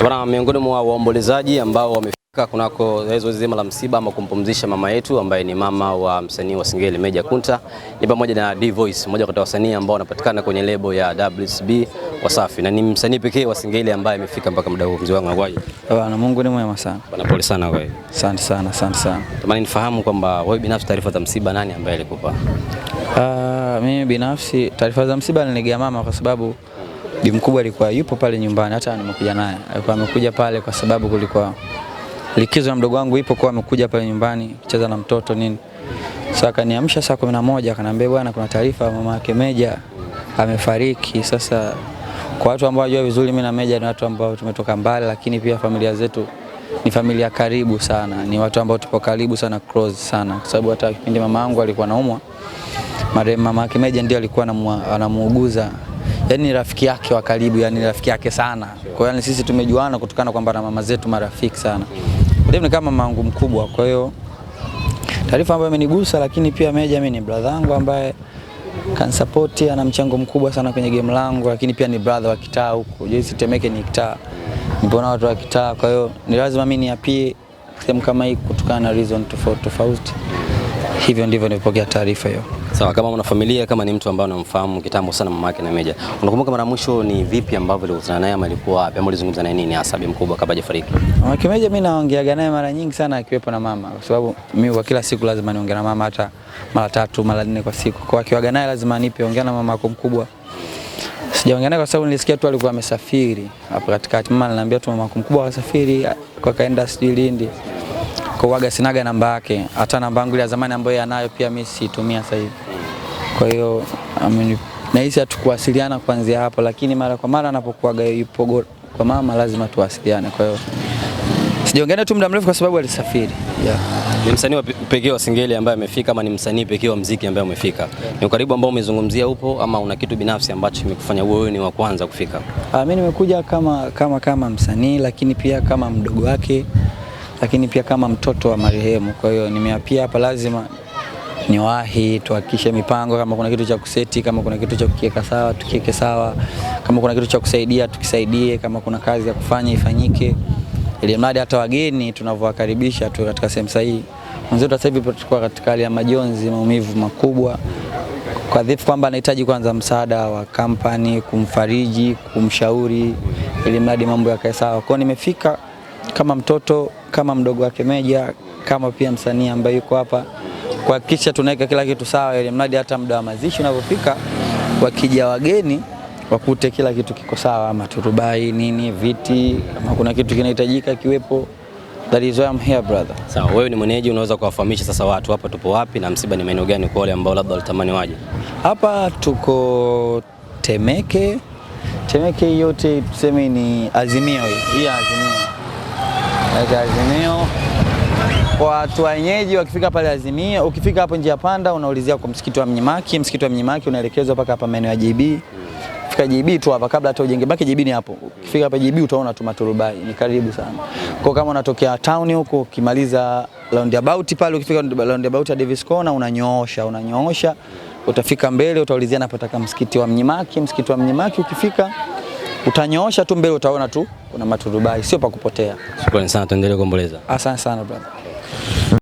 Bwana, miongoni mwa waombolezaji ambao wamefika kunako zoezi zima la msiba ama kumpumzisha mama yetu ambaye ni mama wa msanii wa Singeli Meja Kunta ni pamoja na D Voice, mmoja kati ya wasanii ambao wanapatikana kwenye lebo ya WCB Wasafi, na ni msanii pekee wa Singeli ambaye amefika mpaka muda huu. Mzee wangu anakuaje? Bwana, Mungu ni mwema sana. Bwana, pole sana wewe. Asante sana, asante sana. Tamani nifahamu kwamba wewe binafsi taarifa za msiba nani ambaye alikupa? Ah, mimi binafsi taarifa za msiba niligia mama kwa sababu bi mkubwa alikuwa yupo pale nyumbani, hata nimekuja naye, alikuwa amekuja pale kwa sababu kulikuwa likizo na mdogo wangu ipo, kwa amekuja pale nyumbani kucheza na mtoto nini. Sasa akaniamsha saa kumi na moja akaniambia, bwana, kuna taarifa mama yake Meja amefariki. Sasa kwa watu ambao wajua vizuri, mimi na Meja ni watu ambao tumetoka mbali, lakini pia familia zetu ni familia karibu sana, ni watu ambao tupo karibu sana, close sana, kwa sababu hata kipindi mama yangu alikuwa anaumwa, marehemu mama yake Meja ndiye alikuwa anamuuguza yani rafiki yake wa karibu, yani rafiki yake sana. Kwa hiyo yani sisi tumejuana kutokana kwamba na mama zetu marafiki sana. Dave ni kama mangu mkubwa, kwa hiyo taarifa ambayo imenigusa, lakini pia Meja mimi ni brother wangu ambaye kanisupport, ana mchango mkubwa sana kwenye game langu, lakini pia ni brother wa kitaa huko. Joyce Temeke ni kitaa, nipo na watu wa kitaa, kwa hiyo ni lazima mimi niapie sehemu kama hii kutokana na reason tofauti tofauti. Hivyo ndivyo nilipokea taarifa hiyo. Sawa, kama una familia, kama ni mtu ambaye unamfahamu kitambo sana mama yake na Meja, unakumbuka mara mwisho ni vipi ambavyo ulikutana naye ama alikuwa wapi ama ulizungumza naye nini hasa bi mkubwa kabla hajafariki? Mama ah, yake Meja, mimi naongeaga naye mara nyingi sana akiwepo na mama, kwa sababu mimi kwa kila siku lazima niongee na mama, hata mara tatu mara nne kwa siku. Kwa akiwaga naye lazima nipe ongea na mama yako mkubwa. Sijaongea naye kwa sababu nilisikia tu alikuwa amesafiri hapo katikati. Mama ananiambia tu mama yako mkubwa kasafiri kwa kaenda sijui Lindi kwa sinaga namba yake, hata namba yangu ya zamani ambayo yanayo pia mimi siitumia sasa hivi. Kwa hiyo nahisi hatukuwasiliana kuanzia hapo, lakini mara kwa mara anapokuaga yupo kwa mama lazima tuwasiliane. Kwa hiyo sijaongeana tu muda mrefu kwa sababu alisafiri. Yeah. Ni msanii pekee wa Singeli ambaye amefika ama ni msanii pekee wa mziki ambaye amefika? Ni ukaribu ambao umezungumzia upo ama una kitu binafsi ambacho kimekufanya wewe ni wa kwanza kufika? Ah, mimi nimekuja kama, kama, kama msanii lakini pia kama mdogo wake lakini pia kama mtoto wa marehemu. Kwa hiyo nimeapia hapa, lazima niwahi, tuhakikishe mipango, kama kuna kitu cha kuseti, kama kuna kitu cha kukiweka sawa tukiweke sawa, kama kuna kitu cha kusaidia tukisaidie, kama kuna kazi ya kufanya ifanyike, ili mradi hata wageni tunavyowakaribisha tu katika sehemu sahihi. Mwenzetu sasa hivi tulikuwa katika hali ya majonzi, maumivu makubwa kwa dhifu kwamba anahitaji kwanza msaada wa kampani kumfariji, kumshauri ili mradi mambo yakae sawa. Kwa hiyo nimefika kama mtoto, kama mdogo wake Meja, kama pia msanii ambaye yuko hapa kuhakikisha tunaweka kila kitu sawa, ili mradi hata muda wa mazishi unapofika, wakija wageni wakute kila kitu kiko sawa, ama turubai nini, viti, kama kuna kitu kinahitajika kiwepo. That is why I'm here brother. Sawa, wewe ni mwenyeji, unaweza kuwafahamisha sasa watu hapa tupo wapi na msiba ni maeneo gani kwa wale ambao labda walitamani waje hapa? Tuko Temeke. Temeke yote tuseme ni Azimio, hii Azimio Azimio kwa watu wenyeji wakifika pale Azimio, ukifika hapo njia panda unaulizia kwa msikiti wa Mnyimaki. Msikiti wa Mnyimaki unaelekezwa mpaka hapa maeneo ya JB. Fika JB tu hapa, kabla hata ujenge baki JB ni hapo. Ukifika hapa JB utaona tu maturubai, ni karibu sana. Kwa kama unatokea town huko, ukimaliza roundabout pale, ukifika roundabout ya Davis Corner unanyoosha, unanyoosha utafika mbele, utaulizia napotaka msikiti wa Mnyimaki. Msikiti wa Mnyimaki ukifika utanyoosha tu mbele, utaona tu kuna maturubai, sio pa kupotea. Shukrani sana, tuendelee kuomboleza. Asante sana brother.